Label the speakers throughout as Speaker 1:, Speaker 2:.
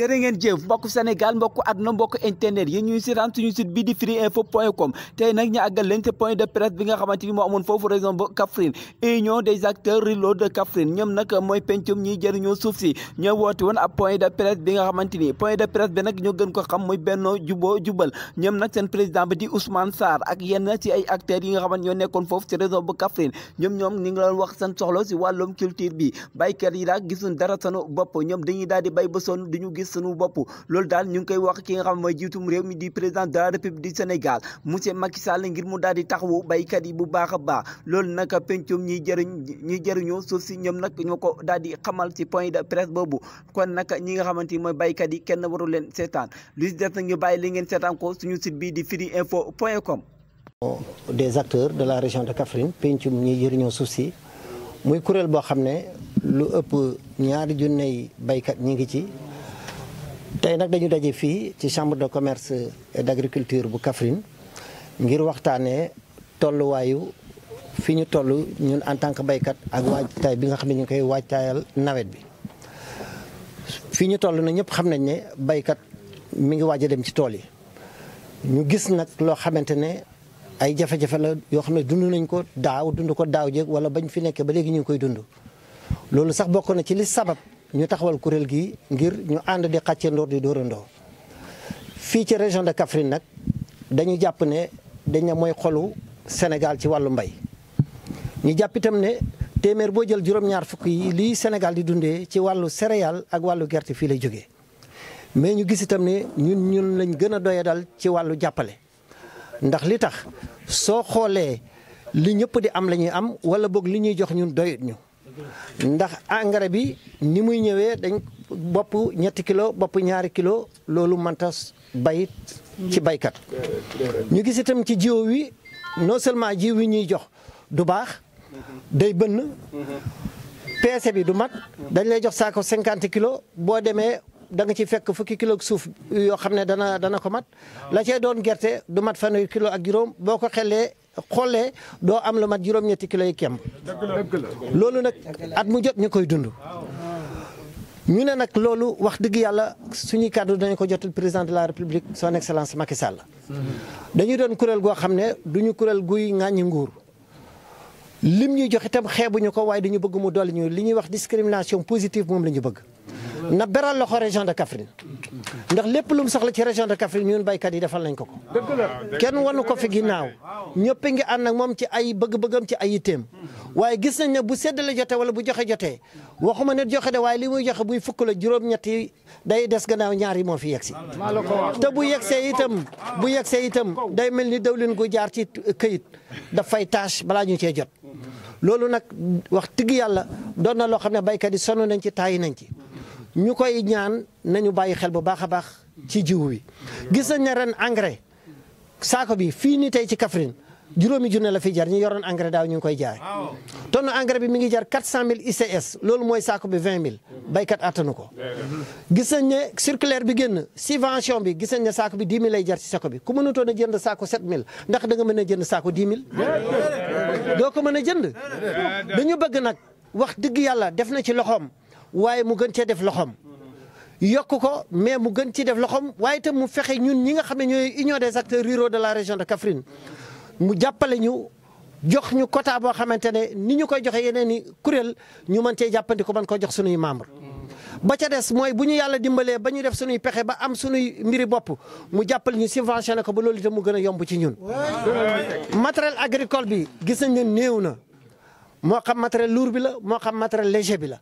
Speaker 1: jërë ngeen jëf mbokk Sénégal mbokk àdduna mbokk internet yi ñuy si ren suñu site bi di free info point com tey nag ñu àggal leen ci point de presse bi nga xamante ni moo amoon foofu région ba Kaffrine union des mooy pencum ñiy jëriñoo suuf si ñoo woote woon ab point de presse bi nga xamante ni point de presse bi nag ñoo gën ko xam muy Benno Jubal ñoom nag seen président bi di Ousmane Sarr ak yenn si ay acteurs yi nga xamante ñoo nekkoon foofu si région ba Kaffrine ñoom ñoom ni ngi loon si yi daal gisuñ dara sanu bopp ñoom dañuy sunu bopp loolu daal ñu ngi koy wax ki nga xam mooy jiitum réew mi di président de la république du Sénégal monsieur Macky Sall ngir mu daal di taxawu baykat yi bu baax a baax loolu nag pencum ñiy jëriñ ñiy jëriñoo suuf si ñoom nag ñoo ko daal di xamal ci point de presse boobu kon nag ñi nga xamante ni mooy baykat yi kenn waru leen seetaan lu def nag ñu bàyyi li ngeen seetaan suñu site bii di firi info point com
Speaker 2: des acteurs de la région de Kaffrine pencum ñiy jëriñoo suuf si muy kuréel boo xam ne lu ëpp ñaari junney baykat ñi ngi ci tay nak dañu dajé fi ci chambre de commerce et d'agriculture bu Kaffrine ngir waxtané tollu wayu fiñu tollu ñun en tant que baykat ak tay bi nga xamné ñu koy waajtaayal nawet bi fiñu tollu na ñëpp xamnañ né baykat mi ngi waaj dem ci toll yi ñu gis nak lo xamante ne ay jafé jafé la yo xamné dundu nañ ko daaw dundu ko daaw wala bañ fi nekk ba légui ñu koy dundu lolu sax bokk na ci li sabab ñu taxawal kurel gi ngir ñu and di ndor di dóorandoo fi ci région de Kaffrine nak dañu japp ne dañ na moy xolu senegal ci walu mbay ñu japp itam ne téeméer bo jël juroom ñaar fukk yi li senegal di dundé ci walu céréal ak walu gerte fi lay joggé mais ñu gis itam ne ñun ñun lañ gëna doya dal ci walu jappalé ndax li tax so xolé li ñëpp di am lañuy am wala bok li ñuy jox ñun doyut ñu ndax engrais bi ni muy ñëwee dañ bopp ñetti kilo bopp ñaari kilo loolu manta bayit ci baykat ñu gis itam ci jiw wi non seulement jiw wi ñuy jox du baax day bënn peese bi du mat dañ lay jox saako cinquante kilos boo demee danga ci fekk fukki kilo suuf yoo xam ne dana dana ko mat la cee doon gerte du mat fanweeri kilo ak juróom boo ko xellee xoolee doo am lu mat juróom-ñetti kilo yi kemb loolu nag at mu jot ñu koy dund ñu ne nag loolu wax dëgg yàlla suñuy kàddu dañu ko jotul président de la république son excellence Macky Sall dañu doon kuréel goo xam ne duñu kuréel guy ŋàññi nguur lim ñuy joxe itam xeebuñu ko waaye dañu bëgg mu dolli ñu li ñuy wax discrimination positive moom la ñu bëgg na beral loxo région de Kaffrine ndax lépp lu soxla ci région de Kaffrine ñun béykat yi defal nañ ko ko kenn wanu ko fi ginnaaw ñëpp ngi ànd ak moom ci ay bëgg-bëggam ci ay yitteem waaye gis nañ ne bu séddale jote wala bu joxe jotee waxuma ne joxe de waaye li muy joxe buy fukk la juróom-ñett day des gannaaw ñaar yi moo fi yegsi te bu yegsee itam bu yegsee itam day mel ni dawlin gu jaar ci kayit dafay tâche balaa ñu cee jot loolu nag wax tigg yàlla doon na loo xam ne béykat yi sonn nañ ci taayi nañ ci ñu koy ñaan nañu bàyyi xel bu baax a baax ci jiw bi gis nañ ne ren engrais saako bi fii ni tey ci Kaffrine juróomi junne la fi jar ñu yoroon engrais daaw ñu ngi koy jaay tonne engrais bi mi ngi jar 400000 ICS loolu mooy saako bi 20000 béykat attanu ko gis nañ ne circulaire bi génn subvention bi gis nañ ne saako bi 10000 lay jar ci saako bi ku mënutoon a jënd saako 7000 ndax da nga mën a jënd saako 10000 doo ko mën a jënd dañu bëgg nag wax dëgg yàlla def na ci loxoom waaye mu gën cee def loxoom. yokk ko mais mu gën ci def loxoom waaye itam mu fexe ñun ñi nga xam ne ñooy union des acteurs ruraux de la région de Kaffrine mu jàppale ñu jox ñu quota boo xamante ne ni ñu koy joxe yeneen i kuréel ñu mën cee jàppandi ko mën koo jox sunuy membre ba ca des mooy bu ñu yàlla dimbalee ba ñu def sunuy pexe ba am sunuy mbiri bopp mu jàppale ñu subventionné ko ba loolu mu gën a yomb ci ñun. matériel agricole bi gis nañ ne néew na moo xam matériel lourd bi la moo xam matériel léger bi la.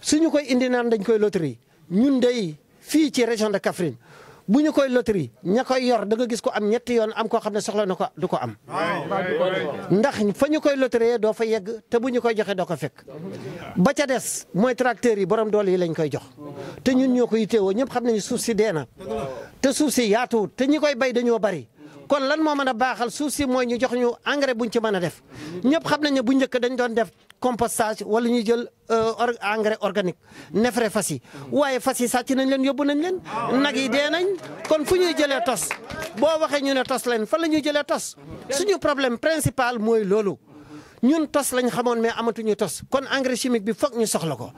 Speaker 2: suñu koy indi naan dañ koy loterie ñun dey fii ci région de Kaffrine bu ñu koy loterie ña koy yor danga gis ko am ñetti yoon am koo xam ne soxla na ko du ko am. ndax fa ñu koy loterie doo fa yegg te bu ñu koy joxee doo ko fekk. ba ca des mooy tracteurs yi borom doole yi lañ koy jox te ñun ñoo ko yitteewoo ñëpp xam nañu suuf si dee na te suuf si yaatuwut te ñi koy bay dañoo bari. kon lan moo mën a baaxal suuf si mooy ñu jox ñu engrais buñ ci mën a def ñëpp xam nañ ne bu njëkk dañ doon def compostage wala ñuy jël euh, engrais organique nefere fas yi waaye fas yi sàcc nañ leen yóbbu nañ leen nag yi dee nañ kon fu ñuy jëlee tos boo waxee ñu ne tos leen fan la ñuy jëlee tos suñu problème principal mooy loolu ñun tos lañ xamoon mais amatuñu tos kon engrais chimique bi foog ñu soxla ko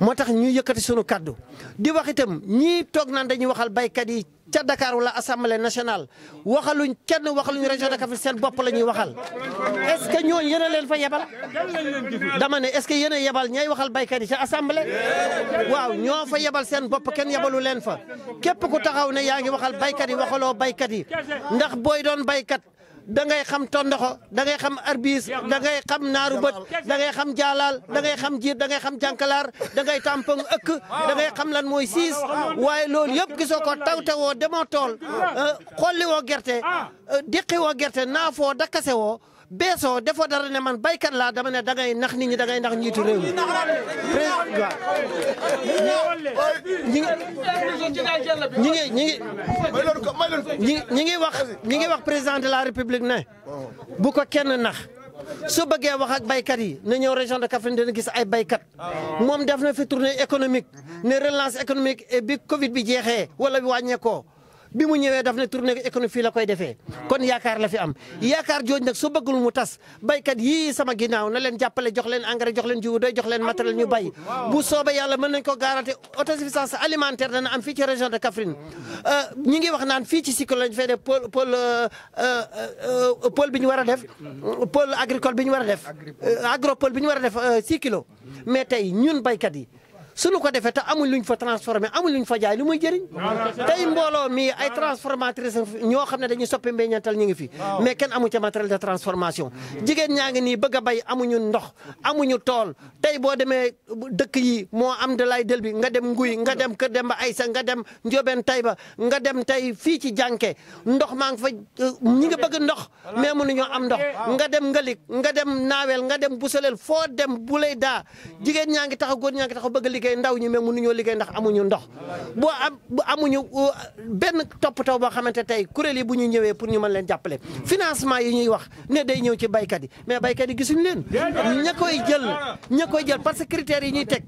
Speaker 2: moo tax ñu yëkkati suñu kàddu di wax ñii toog naan dañuy waxal baykat yi ca Dakar wala assemblée nationale waxaluñ kenn waxaluñ région de Kaffrine seen bopp la ñuy waxal est-ce que ñooñu yéen a leen fa yebal dama ne est-ce que yéen yebal ñay waxal baykat yi ca assemblée waaw ñoo yebal seen bopp kenn yebalu leen fa képp ku taxaw ne yaa ngi waxal baykat yi waxaloo baykat yi ndax booy doon baykat da ngay xam tondoxo da ngay xam arbis da ngay xam naaru bët da ngay xam jaalaal dangay xam jiir da ngay xam jànkalaar da ngay tampon ëkk da xam lan mooy siis waaye loolu yëpp gisoo ko tawtawoo demoo tool euh, xolli woo gerte ah. euh, deqi woo gerte naafoo dakase woo beesoo defoo dara ne man baykat laa dama ne dangay nax nit ñi dangay nax njiitu réew mi président ñi ñi ngi ñi ngi ñi ñi ngi wax ñi ngi wax président de la république ne bu ko kenn nax soo bëggee wax ak baykat yi ne ñëw région de de dina gis ay baykat moom def na fi tournée économique ne relance économique bi Covid bi jeexee wala bi wàññeekoo bi mu ñëwee daf ne tournée économique fii la koy defee kon yaakaar la fi am yaakaar jooj nag su bëggul mu tas baykat yii sama ginnaaw na leen jàppale jox leen engrais jox leen jiwu doy jox leen matériel ñu bay bu soobee yàlla mën nañ ko garanti autosuffisance alimentaire dana am fii ci région de Kaffrine euh, ñi ngi wax naan fii ci cycle lañ fay def pôle euh, euh, pôle bi ñu war a def pôle agricole bi ñu war a def agropole bi ñu war a def six kilos mais tey ñun baykat yi suñu ko defé ta amuñ luñ fa transformer amuñ luñ fa jaay lu muy jëriñ tay mbolo mi ay transformatrice ño xamné dañuy soppi mbeñantal ñi ngi fi mais kenn amu ci matériel de transformation mm-hmm. jigen ñaangi ni bëgg bay amuñu ndox amuñu tol tay bo démé dëkk yi mo am de lay del bi nga dem nguy nga dem kër dem ba aysa nga dem njóobeen tay ba nga dem tay fi ci janké ndox ma nga fa euh, ñi nga bëgg ndox mais am ndox nga dem ngalik nga dem nawel nga dem busselel fo dem bu lay daa mm-hmm. jigéen ñaa taxaw goor ñaangi taxaw bëgg liggéey ndaw ñi mais mënuñoo liggéey ndax amuñu ndox bu amuñu euh, benn toppatoo boo xamante tey kuréel yi bu ñu ñëwee pour ñu mën leen jàppale financement yi ñuy wax ne day ñëw ci baykat yi mais baykat yi gisuñu leen ña koy jël ña koy jël parce que critères yi ñuy teg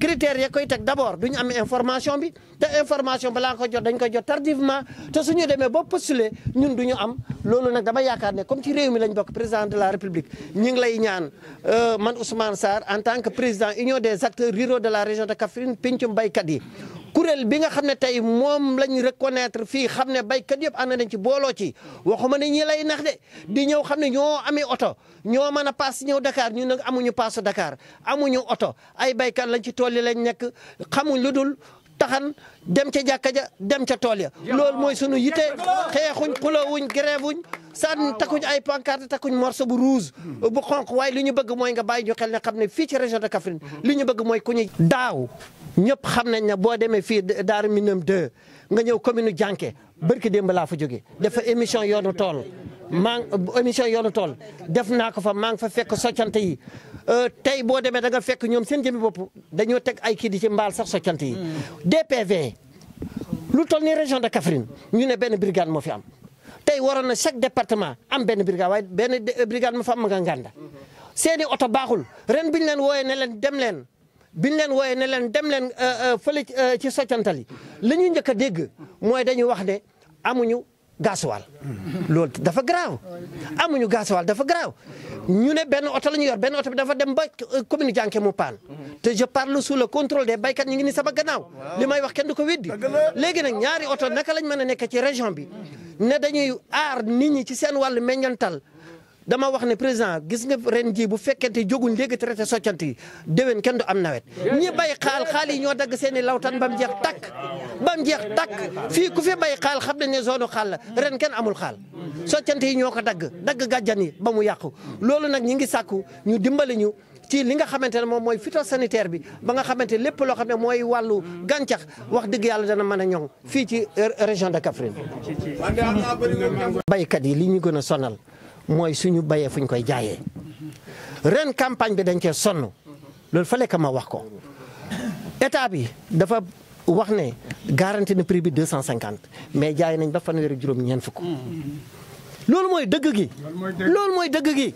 Speaker 2: critères ya koy teg d' abord ñu am information bi te information balaa ko jot dañ ko jot tardivement te suñu demee ba postuler ñun du ñu am loolu nag dama yaakaar ne comme ci réew mi lañ bokk président de la république ñi ngi lay ñaan euh, man Ousmane Sarr en tant que président union des acteurs ruraux de la région de Kaffrine pencum baykat yi kuréel bi nga xam ne tey moom lañ reconnaître fii xam ne béykat yëpp ànd nañ ci booloo ci waxuma ne ñii lay nax de di ñëw xam ne ñoo amee oto ñoo mën a paas ñëw Dakar ñu nag amuñu paasu Dakar amuñu oto ay béykat lañ ci tool yi lañ nekk xamuñ lu dul taxan dem ca jàkka ja dem ca tool ya loolu mooy sunu yite xeexuñ xulawuñ grèvewuñ sànn takkuñ ay pancarte takkuñ morceau bu rouge bu xonq waaye li ñu bëgg mooy nga bàyyi ñu xel ne xam ne fii ci région de Kaffrine li ñu bëgg mooy ku daaw ñëpp xam nañ ne boo demee fii daar Darou am 2 nga ñëw commune Dianké barki démb laa fa jóge dafa émission yoonu tool maa émission yoonu tool def naa ko fa maa ngi fa fekk soccante yi euh, tey boo demee da nga fekk ñoom seen jëmi bopp dañoo teg ay kii di ci mbaal sax soccante yi. Hmm. DPV lu toll ni région de Kaffrine ñu ne benn brigade moo fi am tey waroon na chaque département am benn brigade waaye benn brigade moo fa am nga nganda hmm. seeni oto baaxul ren bi ñu leen wooyee ne leen dem leen. biñ leen wooyee ne leen dem leen euh, euh, fële euh, ci soccantal yi li ñuy njëkk a dégg mooy dañuy wax ne amuñu gasoil loolu dafa grave amuñu gasoil dafa grave ñu ne benn oto la ñu yor benn oto bi dafa dem ba commune Dianké mu paan te je parle sous le contrôle des baykat ñu ngi ni sama gannaaw li may wax kenn du ko weddi léegi nag ñaari oto naka lañ mën a nekk ci région bi ne dañuy aar nit ñi ci seen wàllu meññantal dama wax ne président gis nga ren jii bu fekkente jóguñ léegi traité soccant yi déwén kenn du am nawet ñi bay xaal xaal yi ñoo dagg seen i lawtan bam jeex takk ba mu jeex takk fii ku fi bay xaal xam ne ne zone xaal la ren kenn amul xaal soccant yi ñoo ko dagg dagg gàjjan yi ba mu yàqu loolu nag ñi ngi sàkku ñu dimbali ñu ci li nga xamante ne moom mooy phytosanitaire bi ba nga xamante lépp loo xam ne mooy wàllu gàncax wax dëgg yàlla dana mën a ñoŋ fii ci région de Kaffrine. yi li ñu gën a sonal. mooy suñu bayee fuñ koy jaayee ren campagne bi dañ cee sonn loolu fa lekk ma wax ko état bi dafa wax ne garanti na prix bi deux cent cinquante mais jaay nañ ba fanweeri juróom-ñeent fukk loolu mooy dëgg gi. loolu mooy dëgg gi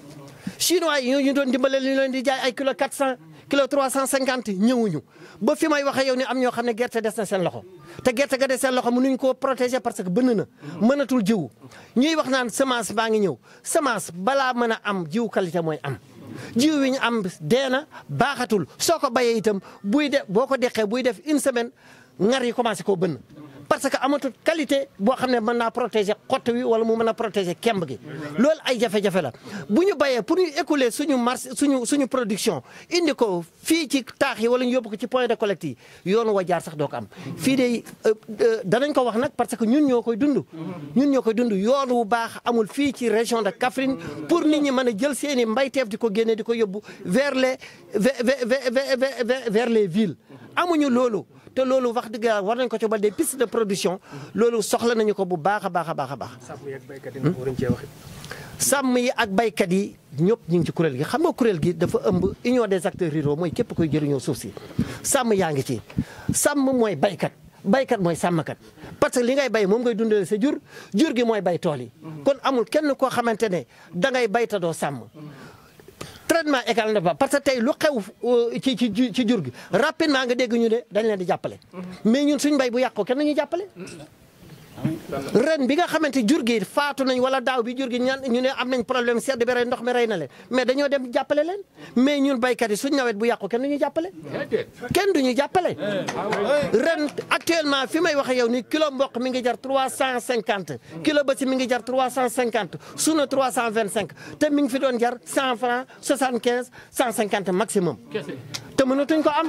Speaker 2: chinois yi ñoo ñu doon dimbaleel ñu leen di jaay ay kilo quatre cent. kilo 350 ñëwuñu ba fi may waxee yow ni am ñoo xam ne gerte des na seen loxo te gerte ga des seen loxo mënuñ koo protéger parce que bënn na mënatul jiw ñuy wax naan semence baa ngi ñëw semence balaa mën a am jiw qualité mooy am. jiw wi ñu am dee na baaxatul soo ko bayee itam buy def boo ko deqee buy def une semaine ngar yi commencé koo bënn parce que amatul qualité boo xam ne mën naa protéger xott wi wala mu mën a protéger kemb gi loolu ay jafe-jafe la bu ñu bayee pour ñu écouler suñu marché suñu suñu production indi ko fii ci taax yi wala ñu yóbbu ko ci point de collecte yi yoonu wa jaar sax doo am fii de euh, euh, danañ ko wax nag parce que ñun ñoo koy dund ñun ñoo koy dund yoon wu baax amul fii ci région de Kaffrine pour nit ñi mën a jël seeni i mbayteef di ko génne di ko yóbbu vers le vers les villes amuñu loolu te loolu wax dëgg yàlla war nañ ko ci ba des pistes de production loolu soxla nañu ko bu baax a baax a baax a baax. sàmm yi ak baykat yi ñëpp ñu ngi ci kuréel gi xam nga kuréel gi dafa ëmb union des acteurs ruraux mooy képp koy jëriñoo suuf si sàmm yaa ngi ci sàmm mooy baykat baykat mooy sàmmkat parce que li ngay bay moom ngay dundale sa jur jur gi mooy bay tool yi mm-hmm. kon amul kenn koo xamante ne dangay bay doo sàmm traitement égal na ba parce que tey lu euh, ci jur gi rapidement nga dégg ñu ne dañ leen di jàppale mm-hmm. mais ñun suñ mbay bu yàqoo kenn ñu jàppale mm-hmm. ren bi nga xamante jur gi faatu nañ wala daaw bi jur gi ñan ñu ne am nañ problème sedd bi rey ndox mi rey na le mais dañoo dem jàppale leen mais ñun béykat yi suñ nawet bu yàqu kenn du ñu jàppale kenn du ñu jàppale ren actuellement fi may waxe yow ni kilo mboq mi ngi jar trois cent cinquante kilo basi mi ngi jar trois cent cinquante suuna trois cent vingt cinq te mi ngi fi doon jar cent franc soixante quinze cent cinquante maximum te mënatuñ ko am.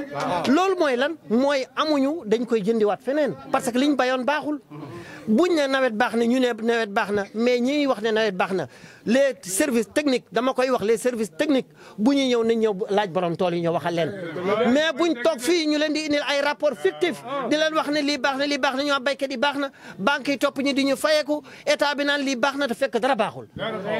Speaker 2: loolu mooy lan mooy amuñu dañ koy jëndiwaat feneen parce que liñ bayoon baaxul. ñu ne nawet baax na ñu ne nawet baax na mais ñi wax ne nawet baax na les services techniques dama koy wax les services techniques bu ñu ñëw nañ ñëw laaj borom tool yi ñu waxal leen. mais buñ toog fii ñu leen di indil ay rapport fictif di leen wax ne lii baax na lii baax na ñoo béykat yi baax na banques yi topp ñu di ñu fayeku état bi naan lii baax na te fekk dara baaxul.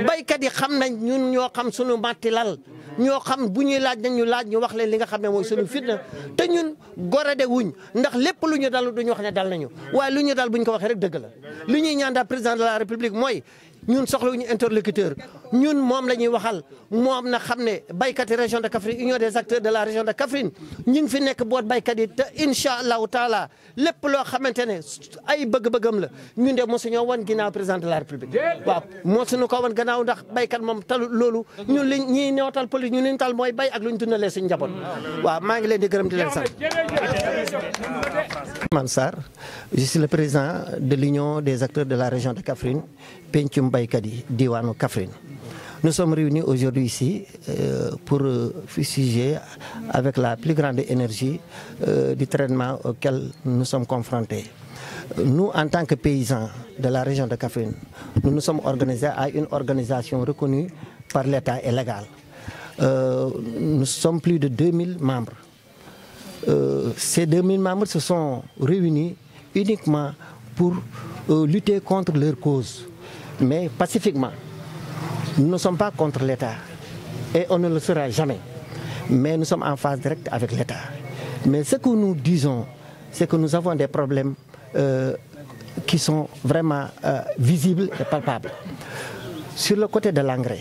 Speaker 2: béykat yi xam nañ ñun ñoo xam suñu matti lal ñoo xam bu ñuy laaj nañ ñu laaj ñu wax leen li nga xam xam ne mooy sunu fitna te ñun gorade wuñ ndax lépp lu ñu dal duñu wax ne dal nañu waaye lu ñu dal buñ ko waxee rek dëgg la li ñuy ñaan daal président de la république mooy ñun soxlawuñu interlocuteur ñun moom la ñuy waxal moom na xam ne baykat yi région de Kaffrine union des acteurs de la région de Kaffrine ñu ngi fi nekk boot baykat yi te incha allahu taala lépp loo xamante ne ay bëgg-bëggam la ñun de mosu ñoo wan ginnaaw président de la république. waaw mosuñu ko won gannaaw ndax baykat moom talu loolu ñun li ñuy newatal politique ñun li tal mooy bay ak luñ ñu dundalee suñu njaboot waaw maa ngi leen di gërëm di leen sant. Man Sar je suis le président de l'union des acteurs de la région de Kaffrine pencum baykat yi diwaanu Kaffrine. Nous sommes réunis aujourd'hui ici euh, pour euh, fustiger avec la plus grande énergie euh, du traitement auquel nous sommes confrontés. Nous, en tant que paysans de la région de caféine nous nous sommes organisés à une organisation reconnue par l'État et légale. nous sommes plus de 2000 membres. ces 2000 membres se sont réunis uniquement pour lutter contre leur cause, mais pacifiquement. Nous ne sommes pas contre l'État et on ne le sera jamais. Mais nous sommes en phase directe avec l'État. Mais ce que nous disons, c'est que nous avons des problèmes euh, qui sont vraiment euh, visibles et palpables. Sur le côté de l'engrais,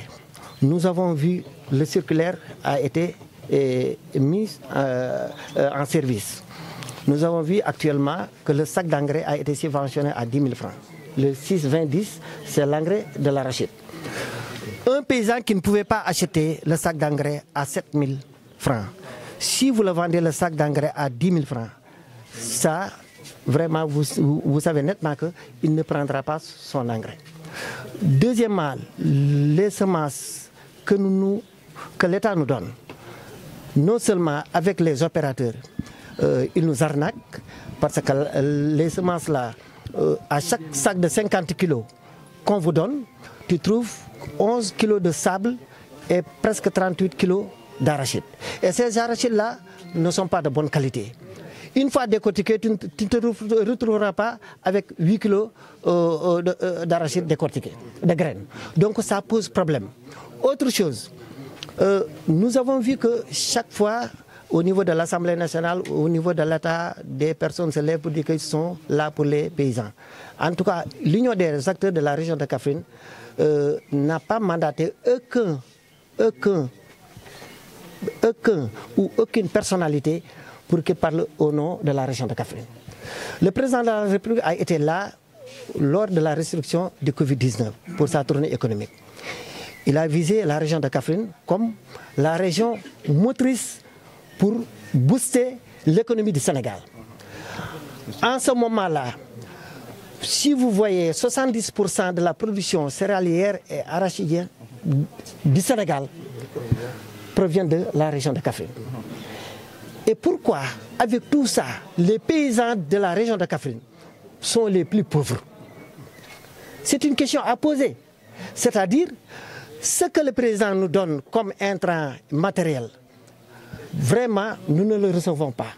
Speaker 2: nous avons vu le circulaire a été euh, mis en service. Nous avons vu actuellement que le sac d'engrais a été subventionné à 10 000 francs. Le 6-20-10, c'est l'engrais de la l'arachide un paysan qui ne pouvait pas acheter le sac d'engrais à 7 000 francs, si vous le vendez le sac d'engrais à 10 000 francs, ça, vraiment, vous, savez nettement qu'il ne prendra pas son engrais. Deuxièmement, les semences que, nous, que l'État nous donne, non seulement avec les opérateurs, euh, ils nous arnaquent, parce que les semences là, euh, à chaque sac de 50 kilos qu'on vous donne, tu trouves 11 kg de sable et presque 38 kg d'arachide. Et ces arachides-là ne sont pas de bonne qualité. Une fois décortiqué, tu ne te retrouveras pas avec 8 kg d'arachides décortiquées, de graines. Donc ça pose problème. Autre chose, euh, nous avons vu que chaque fois, au niveau de l'Assemblée nationale, au niveau de l'État, des personnes se lèvent pour dire qu'ils sont là pour les paysans. En tout cas, l'Union des acteurs de la région de Kafrine euh, n'a pas mandaté aucun, aucun, aucun ou aucune personnalité pour qu'elle parle au nom de la région de Kafrine. Le président de la République a été là lors de la restriction du Covid-19 pour sa tournée économique. Il a visé la région de Kafrine comme la région motrice pour booster l'économie du Sénégal. En ce moment-là, si vous voyez 70% de la production céréalière et arachidienne du Sénégal provient de la région de café. Et pourquoi, avec tout ça, les paysans de la région de café sont les plus pauvres C'est une question à poser. C'est-à-dire, ce que le président nous donne comme intrant matériel, vraiment, nous ne le recevons pas.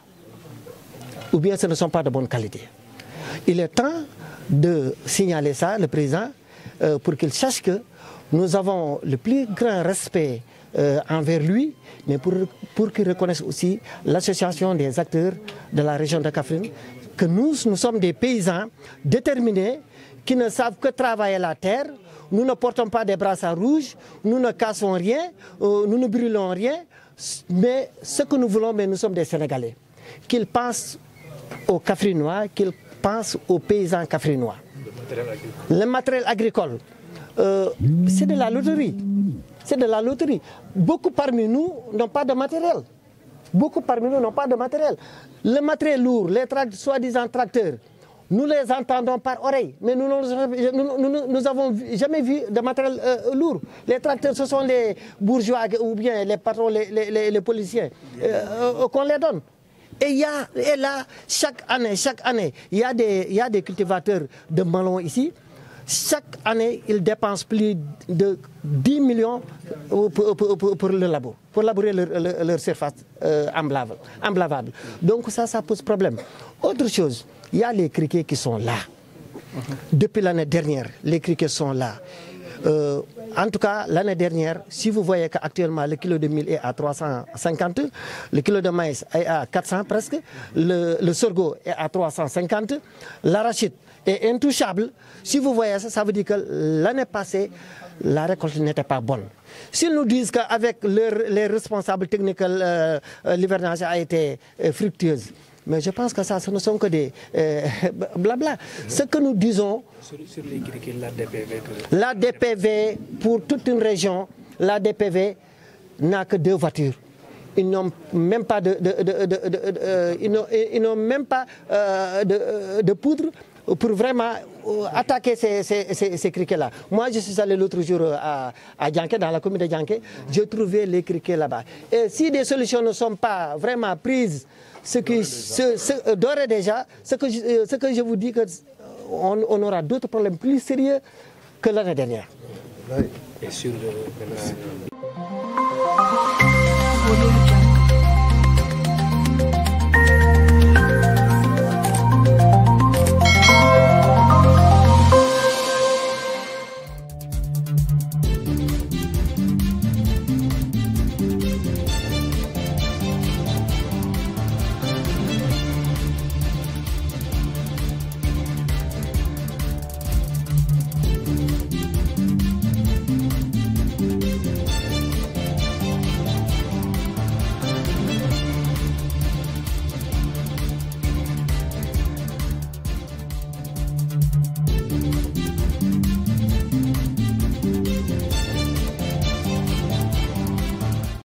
Speaker 2: Ou bien ce ne sont pas de bonne qualité. Il est temps de signaler ça, le président, euh, pour qu'il sache que nous avons le plus grand respect euh, envers lui, mais pour, pour qu'il reconnaisse aussi l'association des acteurs de la région de Kafrine, que nous, nous sommes des paysans déterminés qui ne savent que travailler la terre. Nous ne portons pas des brassards rouges, nous ne cassons rien, euh, nous ne brûlons rien, mais ce que nous voulons, mais nous sommes des Sénégalais, qu'ils pensent aux Cafrinois, qu'ils pensent aux paysans Cafrinois. Le matériel agricole, euh, c'est de la loterie. C'est de la loterie. Beaucoup parmi nous n'ont pas de matériel. Beaucoup parmi nous n'ont pas de matériel. Le matériel lourd, les soi-disant tracteurs, nous les entendons par oreille, mais nous, n'avons jamais vu de matériel euh, lourd. Les tracteurs, ce sont les bourgeois ou bien les patrons, les, policiers euh, euh, qu'on les donne. Et, y a, là, chaque année, chaque année, il y, a des, y a des cultivateurs de melons ici chaque année, ils dépensent plus de 10 millions pour, le labo, pour labourer leur, surface euh, emblavable, Donc ça, ça pose problème. Autre chose, il y a les criquets qui sont là. Depuis l'année dernière, les criquets sont là. Euh, en tout cas, l'année dernière, si vous voyez qu'actuellement le kilo de mil est à 350, le kilo de maïs est à 400 presque, le, le sorgho est à 350, l'arachide et intouchable. Si vous voyez ça, ça veut dire que l'année passée, la récolte n'était pas bonne. S'ils nous disent qu'avec les responsables techniques, euh, euh, l'hivernage a été euh, fructueuse, mais je pense que ça, ce ne sont que des blabla. Ce que nous disons... Sur, la DPV... pour toute une région, la DPV n'a que deux voitures ils n'ont même pas de, ils n'ont même de, poudre pour vraiment euh, attaquer ces, ces, criquets-là. Moi, je suis allé l'autre jour euh, à, à dans la commune de Djanké, j'ai trouvé les criquets là-bas. Et si des solutions ne sont pas vraiment prises, ce qui, ce, euh, déjà, ce que, je, ce que je vous dis, que on, aura d'autres problèmes plus sérieux que l'année dernière.